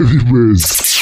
Anyways.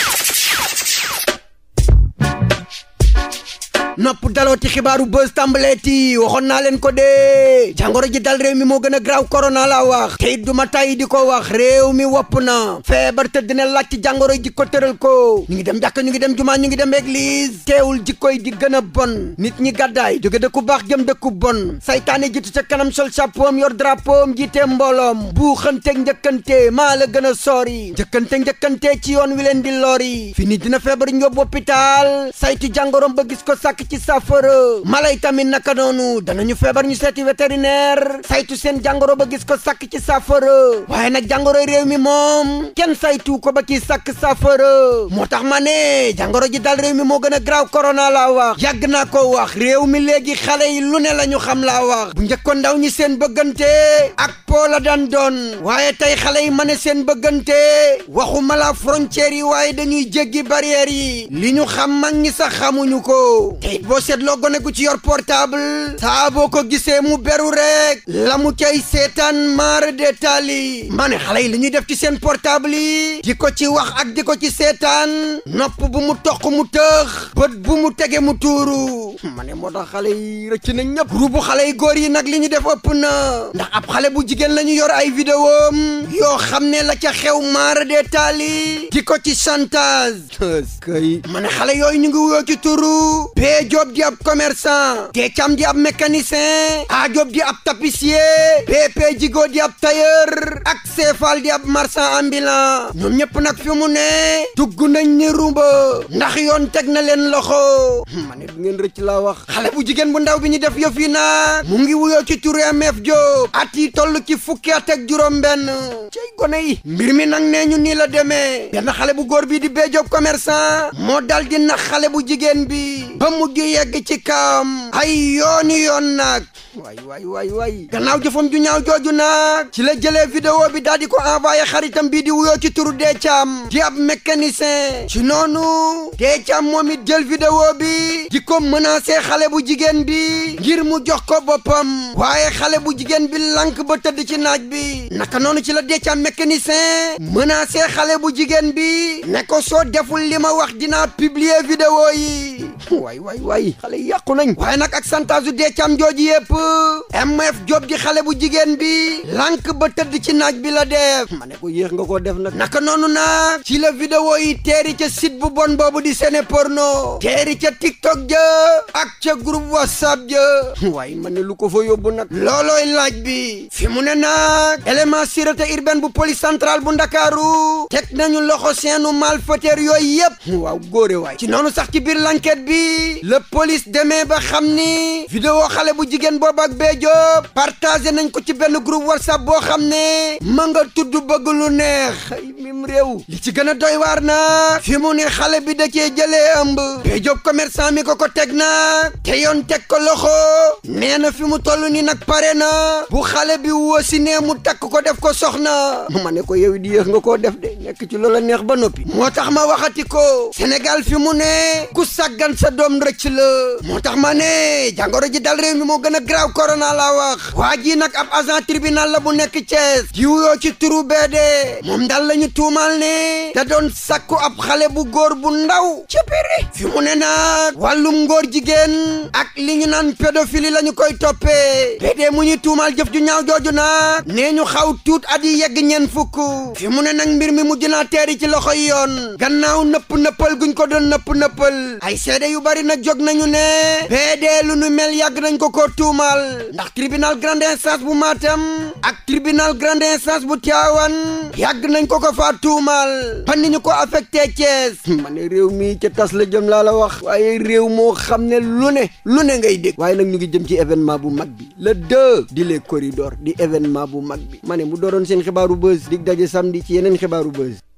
nopp daloo ci xibaaru buzz tàmbaleeti waxoon naa leen ko dee jàngoro ji dal réew mi moo gën a graaw korona la wax te it du ma yi di ko wax réew mi wopp na feebar te dina laaj ci jàngoro ji ko tëral ko ñu ngi dem jàkka ñu ngi dem jumaa ñu ngi dem église teewul jikkoy di gën a bon nit ñi gàddaay jóge dëkku baax jëm dëkku bon saytaane ji ca kanam sol chapeau am yor drapeau am jiite mbooloom buuxanteeg njëkkante ma la gën a sori njëkkante njëkkante ci yoon wi leen di lori fini dina feebar ñu yóbbu hôpital saytu ba gis ko sàkk ci saafara mala yi tamit naka noonu ñu feebar ñu seeti vétérinaire saytu seen jàngoro ba gis ko sakk ci saafara waaye nag jàngoro réew mi moom kenn saytu ko ba kii sàkk saafara moo tax ma ne jàngoro ji dal réew mi moo gën a graaw corona la wax yàgg naa ko wax réew mi léegi xale yi lu ne la ñu xam laa wax bu njëkkoon ndaw ñi seen bëggante ak poo la daan doon waaye tey xale yi ma ne seen bëggante waxuma la frontière yi waaye dañuy jéggi barrière yi li ñu xam mag ñi sax xamuñu ko. te boo seetloo gone gu ci yor portable saa boo ko gisee mu beru rek la cay seetaan maar de taali ma xale yi li def ci seen portable yi di ko ci wax ak di ko ci seetaan nopp bu mu toq mu tëx bët bu mu tegee mu tuuru ma moo tax xale yi rëcc nañ ñëpp rubu xale yi góor yi nag li ñu def ëpp na ndax ab xale bu jigéen la ñu yor ay vidéo am yoo xam ne la ca xew maar de taali di ko ci chantage kay ma xale yooyu ñu ngi wuyoo ci tuuru Ndeye Diop di ab commerçant Décam di ab mécanicien Aa ah, Diop di ab tapissier Pepe Jigo di ab tailleur Sey Fall di ab marchand ambulant ñoom ñëpp nag fi mu ne dugg nañ ni rumba ndax yoon teg na leen loxo ma ne du ngeen rëcc laa wax xale bu jigéen bu ndaw bi ñu def yëf yi nag mu ngi wuyoo ci turu MF Diop at yi toll ci fukki at ak juróom-benn cey gone yi mbir mi nag nee ñu nii la deme xale bu góor bii di Bee Diop commerçant moo dal di nax xale bu jigéen bi ba mujj yegg ci kaam ay yooni yoon nag. waay waay waay waay gannaaw jëfam ju ñaaw jooju nag ci la jëlee vidéo bi daal di ko envoyé xaritam bii di wuyoo ci turu Deecham di ab mécanicien ci noonu Deecham moom jël vidéo bi di ko menacé xale bu jigéen bi ngir mu jox ko boppam waaye xale bu jigéen bi lank ba tëdd ci naaj bi naka noonu ci la Deecham mécanicien menacé xale bu jigéen bi ne ko soo li ma wax dinaa publier vidéo yi waay waay waay xale yàqu nañ waaye nag ak santage u jooju yëpp MF Diop di xale bu jigéen bi lank ba tëdd ci naaj bi la def ma ne ko yéex nga koo def nag naka noonu nag ci la vidéo yi teeri ca site bu bon boobu di sene porno teeri ca TikTok ja ak ca group WhatsApp ja waaye ma ne lu ko fa yóbbu nag loolooy laaj bi fi mu ne nag élément sûreté urbaine bu police centrale bu Ndakaaru teg nañu loxo seenu malfaiteur yooyu yëpp waaw góore waay ci noonu sax ci biir bi le police demee ba xam ni vidéo xale bu jigéen boobu Diop ak Bee Diop nañ ko ci benn groupe whatsapp boo xam ne ma nga tudd bëgg lu neex ay mim réew li ci gën a doy waar na fi mu ne xale bi da jële jëlee ëmb Bee Diop mi ko ko teg na te yoon teg ko loxo nee na fi mu toll nii nag pare na bu xale bi woosi nee mu takk ko def ko soxna ma ne ko yow di yéex nga koo def de nekk ci loola neex ba noppi moo tax ma waxati ko Sénégal fi mu ne ku sàggan sa doom rëcc la moo tax ma ne jàngoro ji dal réew garaaw korona la wax waa ji nag ab agent tribunal la bu nekk Thiès ji ci turu beede moom daal lañu tuumaal ne da doon sakku ab xale bu góor bu ndaw ci piri fi mu ne nag wàllum ngóor jigéen ak li ñu naan pédophilie la ñu koy toppee beede mu ñuy tuumaal jëf ju ñaaw jooju nag nee ñu xaw tuut at yi yegg ñeen fukk fi mu ne nag mbir mi mujj naa teeri ci loxo yi yoon gannaaw nëpp nëppal guñ ko doon nëpp nëppal ay seede yu bari nag jóg nañu ne beede lu nu mel yàgg nañ ko ko tuumaal Fall ndax tribunal grande instance bu Matam ak tribunal grande instance bu Tiawan yàgg nañ ko ko faa tuumaal ba ni ñu ko affecté Thiès ma ne réew mi ca tas la jëm laa la wax waaye réew moo xam ne lu ne lu ne ngay dégg waaye nag ñu ngi jëm ci événement bu mag bi la deux di le corridors di événement bu mag bi ma ne mu dooroon seen xibaaru buzz dig daje samedi ci yeneen xibaaru buzz